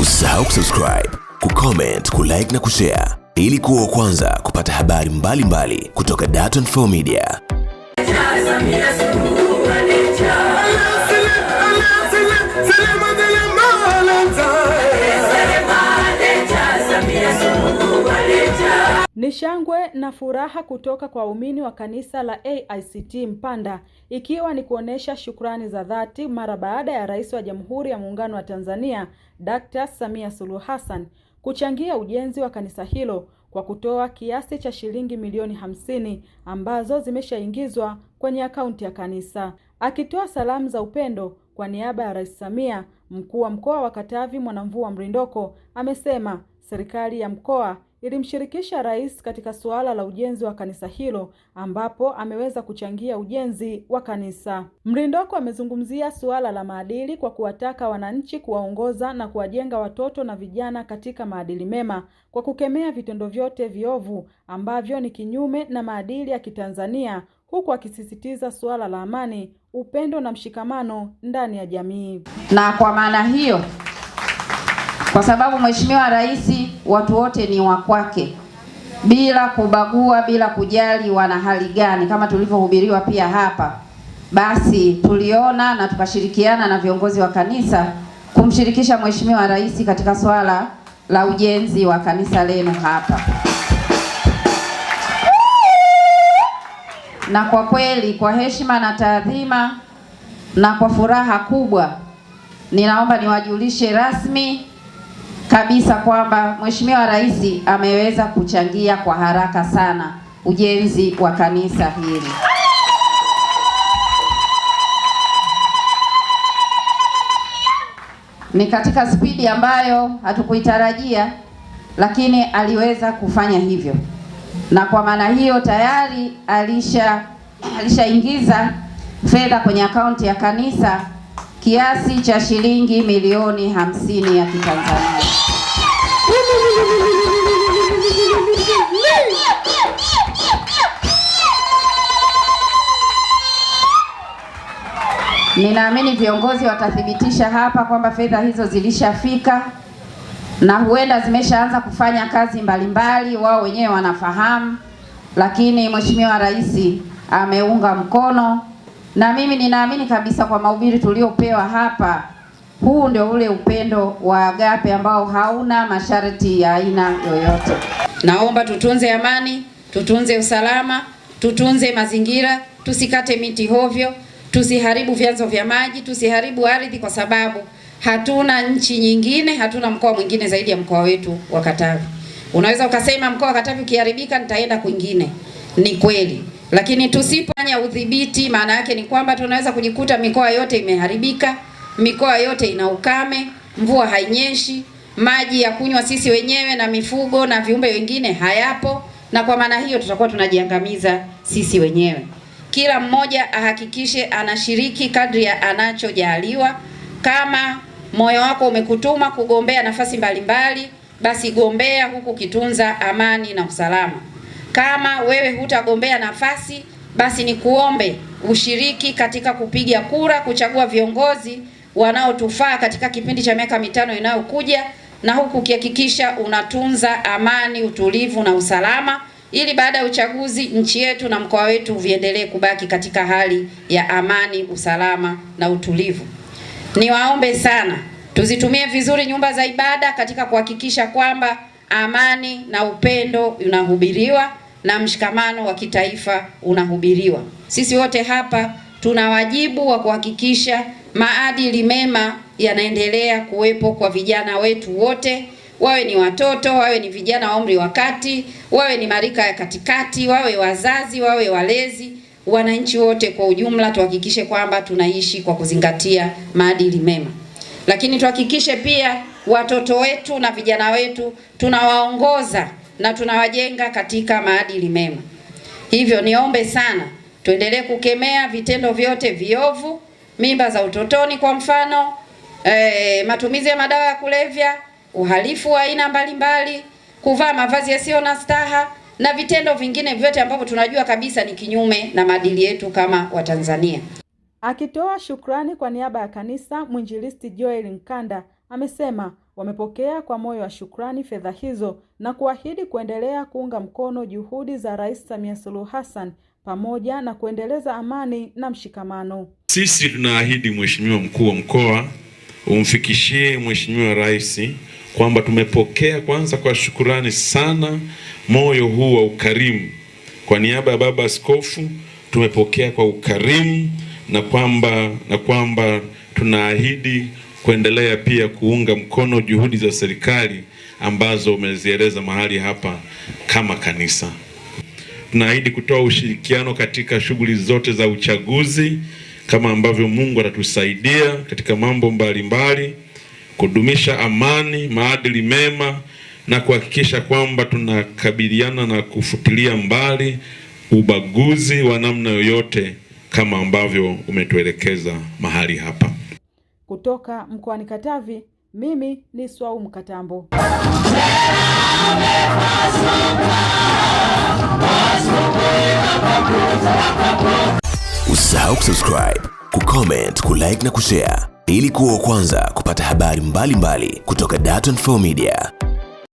Usisahau kusubscribe, kucomment, kulike na kushare ili kuwa kwanza kupata habari mbalimbali mbali kutoka Dar24 Media. shangwe na furaha kutoka kwa waumini wa kanisa la AICT Mpanda ikiwa ni kuonesha shukrani za dhati mara baada ya Rais wa Jamhuri ya Muungano wa Tanzania Dr. Samia Suluhu Hassan kuchangia ujenzi wa kanisa hilo kwa kutoa kiasi cha shilingi milioni hamsini ambazo zimeshaingizwa kwenye akaunti ya kanisa. Akitoa salamu za upendo kwa niaba ya Rais Samia, mkuu wa mkoa wa Katavi Mwanamvua Mrindoko amesema serikali ya mkoa ilimshirikisha rais katika suala la ujenzi wa kanisa hilo ambapo ameweza kuchangia ujenzi wa kanisa. Mrindoko amezungumzia suala la maadili kwa kuwataka wananchi kuwaongoza na kuwajenga watoto na vijana katika maadili mema kwa kukemea vitendo vyote viovu ambavyo ni kinyume na maadili ya Kitanzania huku akisisitiza suala la amani, upendo na mshikamano ndani ya jamii. Na kwa maana hiyo, kwa sababu Mheshimiwa Rais watu wote ni wa kwake, bila kubagua, bila kujali wana hali gani, kama tulivyohubiriwa pia hapa. Basi tuliona na tukashirikiana na viongozi wa kanisa kumshirikisha Mheshimiwa Rais katika swala la ujenzi wa kanisa lenu hapa, na kwa kweli, kwa heshima na taadhima na kwa furaha kubwa, ninaomba niwajulishe rasmi kabisa kwamba Mheshimiwa Rais ameweza kuchangia kwa haraka sana ujenzi wa kanisa hili. Ni katika spidi ambayo hatukuitarajia, lakini aliweza kufanya hivyo, na kwa maana hiyo tayari alisha alishaingiza fedha kwenye akaunti ya kanisa kiasi cha shilingi milioni hamsini ya Kitanzania. Ninaamini viongozi watathibitisha hapa kwamba fedha hizo zilishafika na huenda zimeshaanza kufanya kazi mbalimbali, wao wenyewe wanafahamu, lakini Mheshimiwa Rais ameunga mkono na mimi ninaamini kabisa kwa mahubiri tuliopewa hapa, huu ndio ule upendo wa agape ambao hauna masharti ya aina yoyote. Naomba tutunze amani, tutunze usalama, tutunze mazingira, tusikate miti hovyo, tusiharibu vyanzo vya maji, tusiharibu ardhi, kwa sababu hatuna nchi nyingine, hatuna mkoa mwingine zaidi ya mkoa wetu wa Katavi. Unaweza ukasema mkoa wa Katavi ukiharibika nitaenda kwingine. Ni kweli, lakini tusipofanya udhibiti, maana yake ni kwamba tunaweza kujikuta mikoa yote imeharibika, mikoa yote ina ukame, mvua hainyeshi, maji ya kunywa sisi wenyewe na mifugo na viumbe wengine hayapo, na kwa maana hiyo tutakuwa tunajiangamiza sisi wenyewe. Kila mmoja ahakikishe anashiriki kadri ya anachojaliwa. Kama moyo wako umekutuma kugombea nafasi mbalimbali, basi gombea huku kitunza amani na usalama. Kama wewe hutagombea nafasi, basi ni kuombe ushiriki katika kupiga kura kuchagua viongozi wanaotufaa katika kipindi cha miaka mitano inayokuja, na huku ukihakikisha unatunza amani, utulivu na usalama, ili baada ya uchaguzi nchi yetu na mkoa wetu viendelee kubaki katika hali ya amani, usalama na utulivu. Niwaombe sana tuzitumie vizuri nyumba za ibada katika kuhakikisha kwamba amani na upendo unahubiriwa na mshikamano wa kitaifa unahubiriwa. Sisi wote hapa tuna wajibu wa kuhakikisha maadili mema yanaendelea kuwepo kwa vijana wetu wote, wawe ni watoto, wawe ni vijana wa umri wa kati, wawe ni marika ya katikati, wawe wazazi, wawe walezi, wananchi wote kwa ujumla, tuhakikishe kwamba tunaishi kwa kuzingatia maadili mema, lakini tuhakikishe pia watoto wetu na vijana wetu tunawaongoza na tunawajenga katika maadili mema. Hivyo niombe sana tuendelee kukemea vitendo vyote viovu, mimba za utotoni kwa mfano, e, matumizi ya madawa ya kulevya, uhalifu wa aina mbalimbali, kuvaa mavazi yasiyo na staha na vitendo vingine vyote ambavyo tunajua kabisa ni kinyume na maadili yetu kama Watanzania. Akitoa shukrani kwa niaba ya kanisa, mwinjilisti Joel Nkanda Amesema wamepokea kwa moyo wa shukrani fedha hizo na kuahidi kuendelea kuunga mkono juhudi za Rais Samia Suluhu Hassan pamoja na kuendeleza amani na mshikamano. Sisi tunaahidi Mheshimiwa Mkuu wa Mkoa umfikishie Mheshimiwa Rais kwamba tumepokea kwanza kwa shukurani sana moyo huu wa ukarimu. Kwa niaba ya Baba Askofu tumepokea kwa ukarimu na kwamba na kwamba tunaahidi kuendelea pia kuunga mkono juhudi za serikali ambazo umezieleza mahali hapa. Kama kanisa, tunaahidi kutoa ushirikiano katika shughuli zote za uchaguzi kama ambavyo Mungu atatusaidia katika mambo mbalimbali mbali, kudumisha amani, maadili mema na kuhakikisha kwamba tunakabiliana na kufutilia mbali ubaguzi wa namna yoyote kama ambavyo umetuelekeza mahali hapa. Kutoka mkoani Katavi, mimi ni Swau Mkatambo. Usisahau kusubscribe, kucomment, kulike na kushare ili kuwa wa kwanza kupata habari mbalimbali mbali kutoka Dar24 Media.